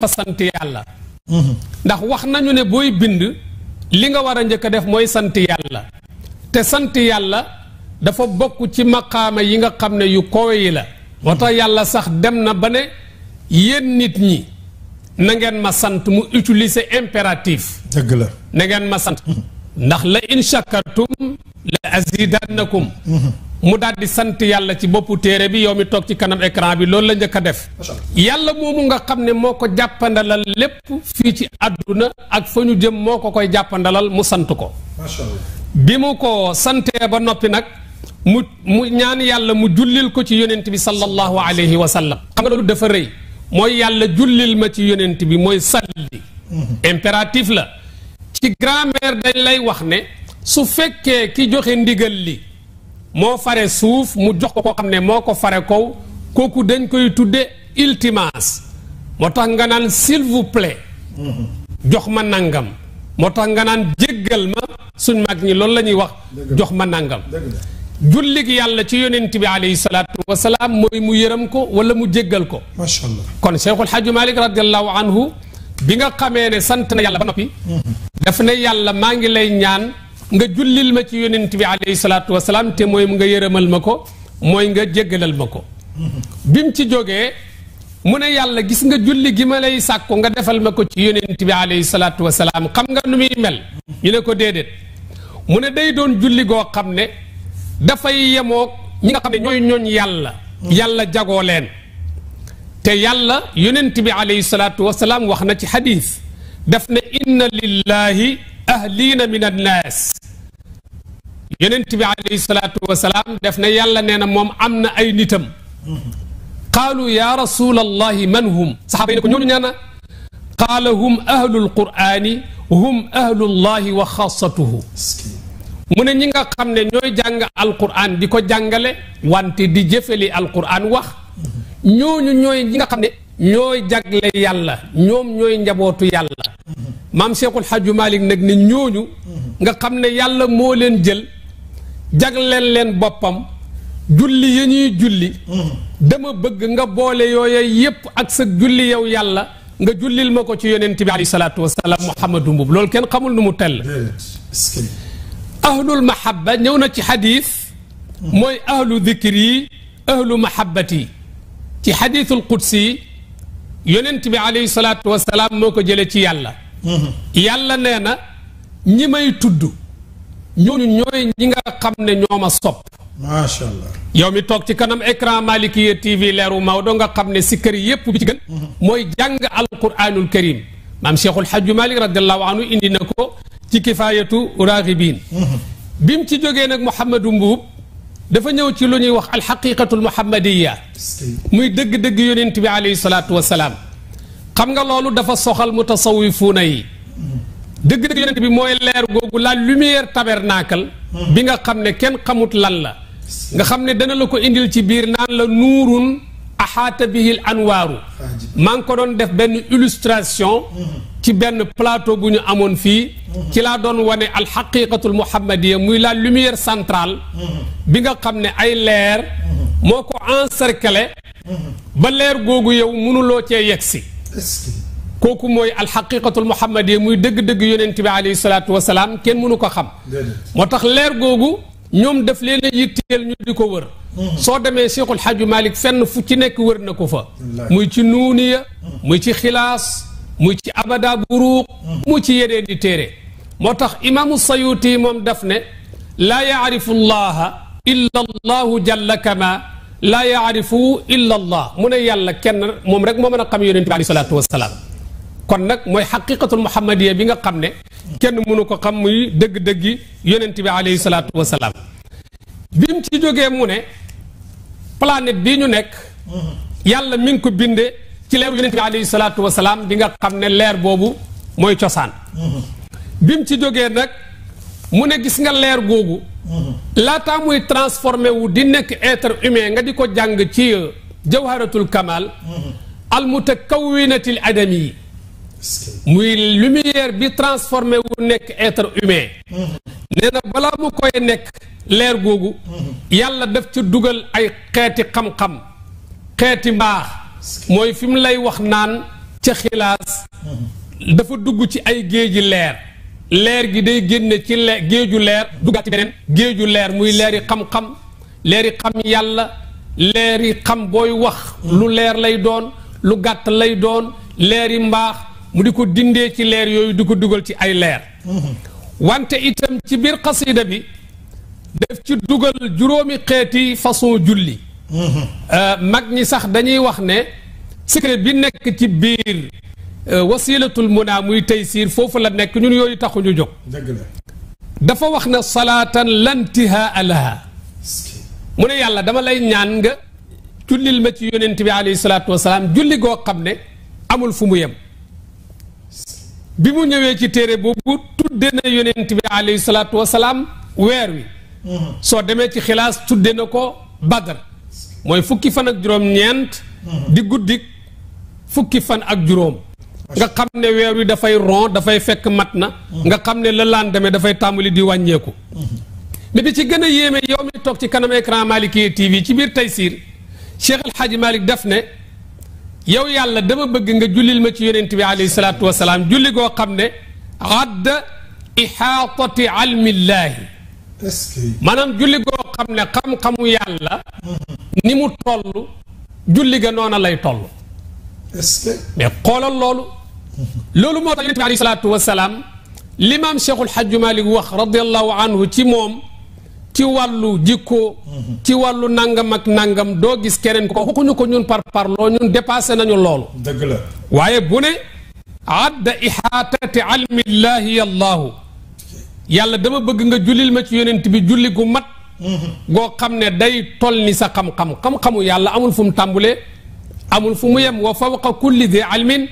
dafa sant yàlla ndax wax nañu ne booy bind li nga war a njëkk a def mooy sant yàlla te sant yàlla dafa bokk ci maqaama yi nga xam ne yu kowe yi la moo yàlla sax dem na ba ne yéen nit ñi na ngeen ma sant mu utilise impératif dëgg la na ngeen ma sant ndax la in shakartum la azidannakum mu daal di sant yàlla ci boppu téere bi yow mi toog ci kanam écran bi loolu la njëkk a def yàlla moomu nga xam ne moo ko jàppandalal lépp fii ci àdduna ak fa ñu jëm moo ko koy jàppandalal mu sant ko bi mu ko santee ba noppi nag mu mu ñaan yàlla mu jullil ko ci yonent bi sallallahu alayhi wa sallam xam nga loolu dafa rëy mooy yàlla jullil ma ci yonent bi mooy salli mm-hmm. impératif la ci grammaire dañ lay wax ne su fekkee ki joxe ndigal li moo fare suuf mu jox ko koo xam ne moo ko fare kaw kooku dañ koy tudde iltimaas moo tax nga naan s'il vous jox ma nangam moo tax nga naan jéggal ma suñ mag ñi loolu la ñuy wax jox ma nangam jullig yàlla ci yonent bi alayhi salaatu wasalaam mooy mu yërëm ko wala mu jéggal ko macha allah kon cheikhul xaju malik radiallahu anhu bi nga xamee ne sant na yàlla ba noppi mm-hmm. daf ne yàlla maa ngi lay ñaan nga jullil ma ci yonent bi alayhi salaatu wasalaam te mooy mu nga yërëmal ma ko mooy nga jéggalal ma ko bi mu ci jógee mu ne yàlla gis nga julli gi ma lay sàkku nga defal ma ko ci yonent bi alayhi salaatu wasalaam xam nga nu muy mel ñu ne ko déedéet mu ne day doon julli goo xam ne dafay yemook ñi nga xam ne ñooy ñooñ yàlla yàlla jagoo leen te yàlla yonent bi alayhi salaatu wasalaam wax na ci xadiis daf ne inna lillahi ahliina min annaas yonent bi alayhi salaatu wasalaam def na yàlla nee na moom am na ay nitam qaalu ya rasulallahi man hum saxaaba yi ne ko ñooñu ñaana qaala hum ahlu lqur'ani hum ahlullahi wa xaasatuhu mu ne ñi nga xam ne ñooy jàng alqur'an di ko jàngale wante di jëfeli alqur'an wax ñooñu ñooy ñi nga xam ne ñooy jagle yàlla ñoom ñooy njabootu yàlla maam Cheikhul Hadj Malick nag ne ñooñu nga xam ne yàlla moo leen jël jagleel leen boppam julli ya ñuy julli mm-hmm. dama bëgg nga boole yooya yépp ak sa julli yow yàlla nga jullil ma ko ci yonent bi alayhi salaatu wasalaam muhammadu kenn xamul nu mu tell ahlul mahabba ñëw na ci xadiis mm-hmm. mooy ahlu dikir yi ahlu mahabbat yi ci xadiisul qudsi yonent bi alayhi salaatu moo ko jële ci yàlla mm-hmm. yàlla nee na ñi may tudd ñooñu ñooy ñi nga xam ne ñoo ma sopp yow mi toog ci kanam écran Malikiya TV leeru Maodo nga xam ne si kër yépp bi ci gën mhm. mooy jàng alquranul karim maam cheikhul hajju Malik radiallahu anhu indi na ko ci kifaayatu raagibin mhm. bi mu ci jógee nag Mouhamadou Mbuub dafa ñëw ci lu ñuy wax alxaqiqatul muhammadiya muy dëgg-dëgg yonent bi alayhi salaatu wasalaam xam nga loolu dafa soxal mutasawifuuna yi mhm. deug deug yonent bi moy leer gogou la lumière tabernacle bi nga xamne ken xamut lan la nga xamne dana la ko indil ci bir nan la nurun ahata bihi al anwar man ko don def ben illustration ci ben plateau bu ñu amoon fii ci laa doon wane alxaqiqatul muhammadiyya muy la lumière centrale bi nga xamne ay leer moko encercler ba leer gogou yow munu lo ci yegsi koku kooku mooy alxaqiqatul muhammadi muy deug deug yonent bi alayhi salatu wa salaam kenn mënu ko xam. motax leer googu ñom def leen yittel ñu diko wër. so deme Cheikhul Hadj malik fenn fu ci nek wër nako fa. muy ci nuniya muy ci khilas muy ci abada buruq muy ci yede di tere motax imam imaamu mom moom daf ne. la ya'rifu allah illa allah jalla kama la ya'rifu illa allah mune yàlla ken mom rek mo meuna xam yonent bi alayhi salatu wa salaam kon nak moy xaqiqatul muhammadiyya bi nga xamne kenn munu ko xam muy deug deug yi yonnati bi alayhi salatu wasalaam bi mu ci joge mu ne planète bi ñu nek yàlla mi ngi ko binde ci leeru yonnati bi alayhi salaatu wasalaam bi nga xamne leer bobu moy ciosan bim ci joge nak mu ne gis nga leer gogu la ta muy transformer wu di nek être humain nga di ko jàng ci jawharatul kamal al mutakawwinatil adami muy lumière bi transformé wu nekk être humain nee na balaa mu koy nekk leer googu yàlla def ci dugal ay xeeti xam-xam xeeti mbaax mooy fi lay wax naan ca xilaas dafa dugg ci ay géeji leer leer gi day génne ci leer géeju leer duggaat ci beneen géeju leer muy leeri xam-xam leeri xam yàlla leeri xam booy wax lu leer lay doon lu gàtt lay doon leeri mbaax مديكو ديندي تي لير يوي دوكو دوغال تي اي لير وانت ايتام تي بير قصيده بي داف تي دوغال جورومي خيتي فاصو جولي ماغني صاح داني واخ ني سيكريت بي نيك تي بير وسيله المنى موي تيسير فوف لا نيك نون يوي تاخو نيو جوك دافا واخنا صلاه لا انتهاء لها مون يالا داما لاي نيان غا تولي ما تي يونتي بي عليه الصلاه والسلام جولي غو خامني امول فومو يم bi mu ñëwee ci téere boobu tudde na yonent bi alayhi salaatu wasalaam weer wi mhm. soo demee ci xilaas tudde na ko badar mooy fukki fan ak juróom ñeent mhm. di guddi fukki fan ak juróom nga xam ne weer wi dafay ron dafay fekk mat na mhm. nga xam ne la laan dafay tàmbali di wàññeeku mais ci gën a yéeme yow mi toog ci kanam écran Malikia TV ci biir Taysiir Cheikh El Hadj Malick def ne yow yàlla dama bëgg nga jullil ma ci yonent bi alayhi salaatu wasalaam julli go xamne ne ihatati almi llah manam julli go xamne xam-xamu yàlla ni mu tollu julli ga nona lay tollu est toll mais xoolal loolu lolu moo tax yonent bi alayhi salaatu wasalaam limam cheikhul hajj malik wax radiyallahu anhu ci mom ci wàllu jikko ci wàllu nangam ak nangam doo gis keneen ko waxuñu ko ñun par parloo ñun dépassé nañu loolu dëgg la waaye bu ne adda ihaatati almillaahi allaahu yàlla dama bëgg nga jullil ma ci yonent bi julli gu mat goo xam ne day toll ni sa xam-xam xam-xamu yàlla amul fu mu tàmbulee amul fu mu yem wa fawqa kulli di almin